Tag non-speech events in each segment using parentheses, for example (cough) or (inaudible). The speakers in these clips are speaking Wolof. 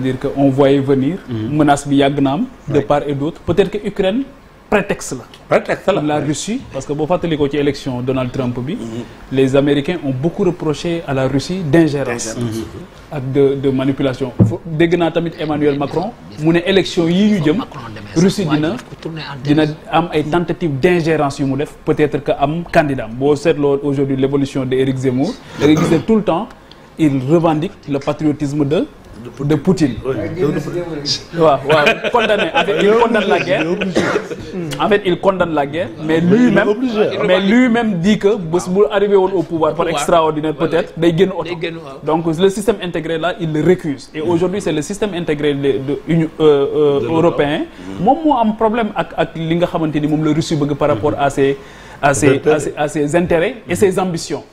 c'est-à-dire que on voyait venir. Mhm. menace bi yàgg de part et d'autre peut-être que Ukraine prétexte la. prétexte la Russie parce que boo fàttali ko ci élection Donald Trump bi. Mhm. les Américains ont beaucoup reproché à la Russie d'ingérence. Mhm. ak de de manipulation. dégg naa tamit Emmanuel Macron mu ne élection yii ñu jëm. Russie dina dina am ay tentatives d'ingérence yu mu def peut-être que am candidat boo seetloo aujourd'hui l'évolution de Éric Zemmour. da nga gis tout le temps il de Poutine. waaw waaw condamné mm. en fait il condamne la guerre. en ah. fait il condamne la guerre. mais lui-même mais lui-même dit que bés bu ah. arrivé woon au pouvoir par extraordinaire peut-être day génn oto. donc le système intégré là il le récuse. et mm. aujourd'hui c'est le système intégré de euh, euh, européen. Mm. moom moo am problème ak ak li nga xamante ni moom la Russie bëgg par rapport à ses à ses à ses intérêts et ses ambitions.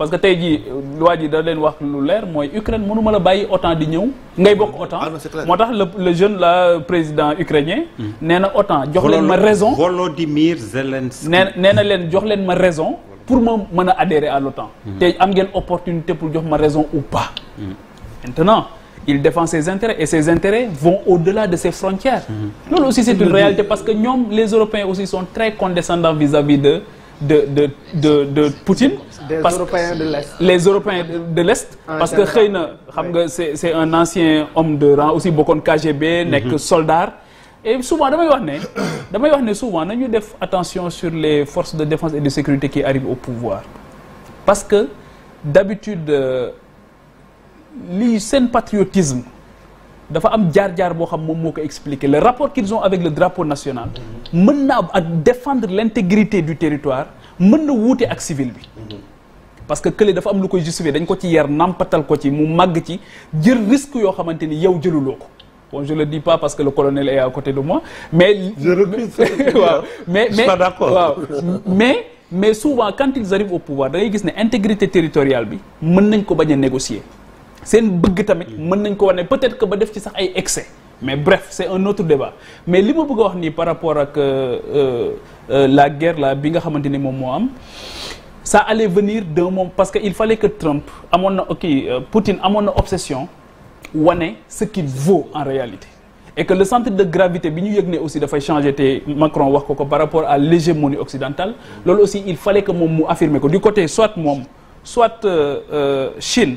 parce que tey jii waa ji da leen wax lu leer mooy Ukraine mënu ma la bàyyi OTAN di ñëw. ngay bokk ah OTAN ah moo tax le le jeune la président ukrainien. Hmm. nee na OTAN jox leen ma raison Volodymyr Zelensky. nee na leen jox leen ma raison pour ma mën a adhérer à l'OTAN. Hmm. tey am ngeen opportunité pour jox ma raison ou pas. Hmm. maintenant. il défend ses intérêts et ses intérêts vont au-delà de ses frontières. loolu aussi c'est une réalité parce que ñoom les Européens aussi sont très condescendants de de de de Poutine. Des parce Européens de l'Est. les Européens de l'Est ah, parce que xëy na xam nga c'est c'est un ancien homme de rang aussi bokkoon KGB. Mhm. nekk soldat. et souvent damay wax ne damay wax ne souvent nañu def attention sur les forces de défense et de sécurité qui arrivent au pouvoir parce que d'habitude euh, li seen patriotisme. dafa am jaar-jaar boo xam moom moo ko expliqué le rapport qu'ils ont avec le drapeau national mën na am ak défendre l'intégrité du territoire mën na wuute ak civil bi parce que kële dafa am lu koy justifier dañ ko ci yar nampatal ko ci mu màgg ci jël risque yoo xamante ni yow jëluloo ko bon je le dis pas parce que le colonel est à côté de moi mais (laughs) je recuse waaw mais mais pas d'accord mais mais souvent quand ils arrivent au pouvoir da gis ne intégrité territoriale bi mën nañ ko bañ a négocier seen bëgg tamit mën nañ ko wane peut-être que ba def ci sax ay excès mais bref c'est un autre débat mais li ma bëgg a wax nii par rapport ak euh, euh, euh, la guerre la bi nga xamante ni moom moo am ça allait venir d'un moom parce que il fallait que Trump amoon na kii Poutine amoon na obsession wane ce qu'il vaut en réalité et que le centre de gravité bi ñu yëg ne aussi dafay changer te Macron wax ko ko par rapport à l'hégémonie occidentale loolu aussi il fallait que moom mu affirmer ko du côté soit moom soit Chine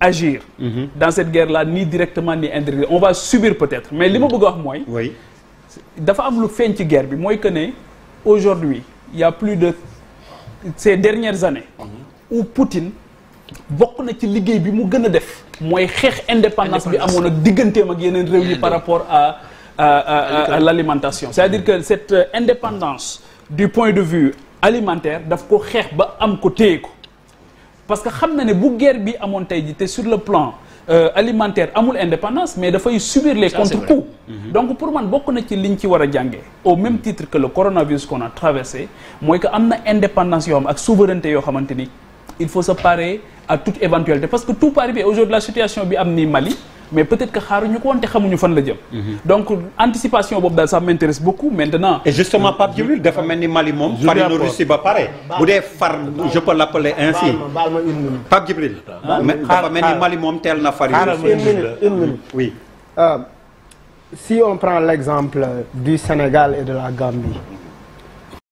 agir mhm. dans cette guerre là ni directement ni indirectement on va subir peut-être mais li ma bëgg wax mooy dafa am lu feeñ ci guerre bi mooy que ne aujourd'hui il y a plus de ces dernières années mhm. où Poutine bokk na ci liggéey bi mu gën a def mooy xeex indépendance bi amoon ak digganteem ak yeneen réew yi par rapport a à, à, à l'alimentation c'est-à-dire que cette euh, indépendance du point de vue alimentaire daf ko xeex ba am ko téye ko parce que xam na ne bu guerre bi amoon tey ji te sur le plan euh, alimentaire amul indépendance mais dafay subir les contre-coups mhm. donc pour man bokk na ci li liñ ci war a jàngee au même titre que le coronavirus qu'on a traversé mooy que am na indépendance yoo xam ak souveraineté yoo xamante ni il faut se parer à toute éventualité parce que tout pari bi aujourd'hui la situation bi am ni Mali mais peut-être que xaaruñu ko woon te xamuñu fan la jëm. Mhm. donc anticipation boobu daal ça m'intéresse beaucoup maintenant. et justement Pape Djibril dafa mel ni Mali moom. farine Russie ba pare. bu dee far je peux a ainsi. baal ma une minute Pape Mali moom teel na farine. une minute une minute oui. Euh, si on prend l'exemple du Sénégal et de la Gambie.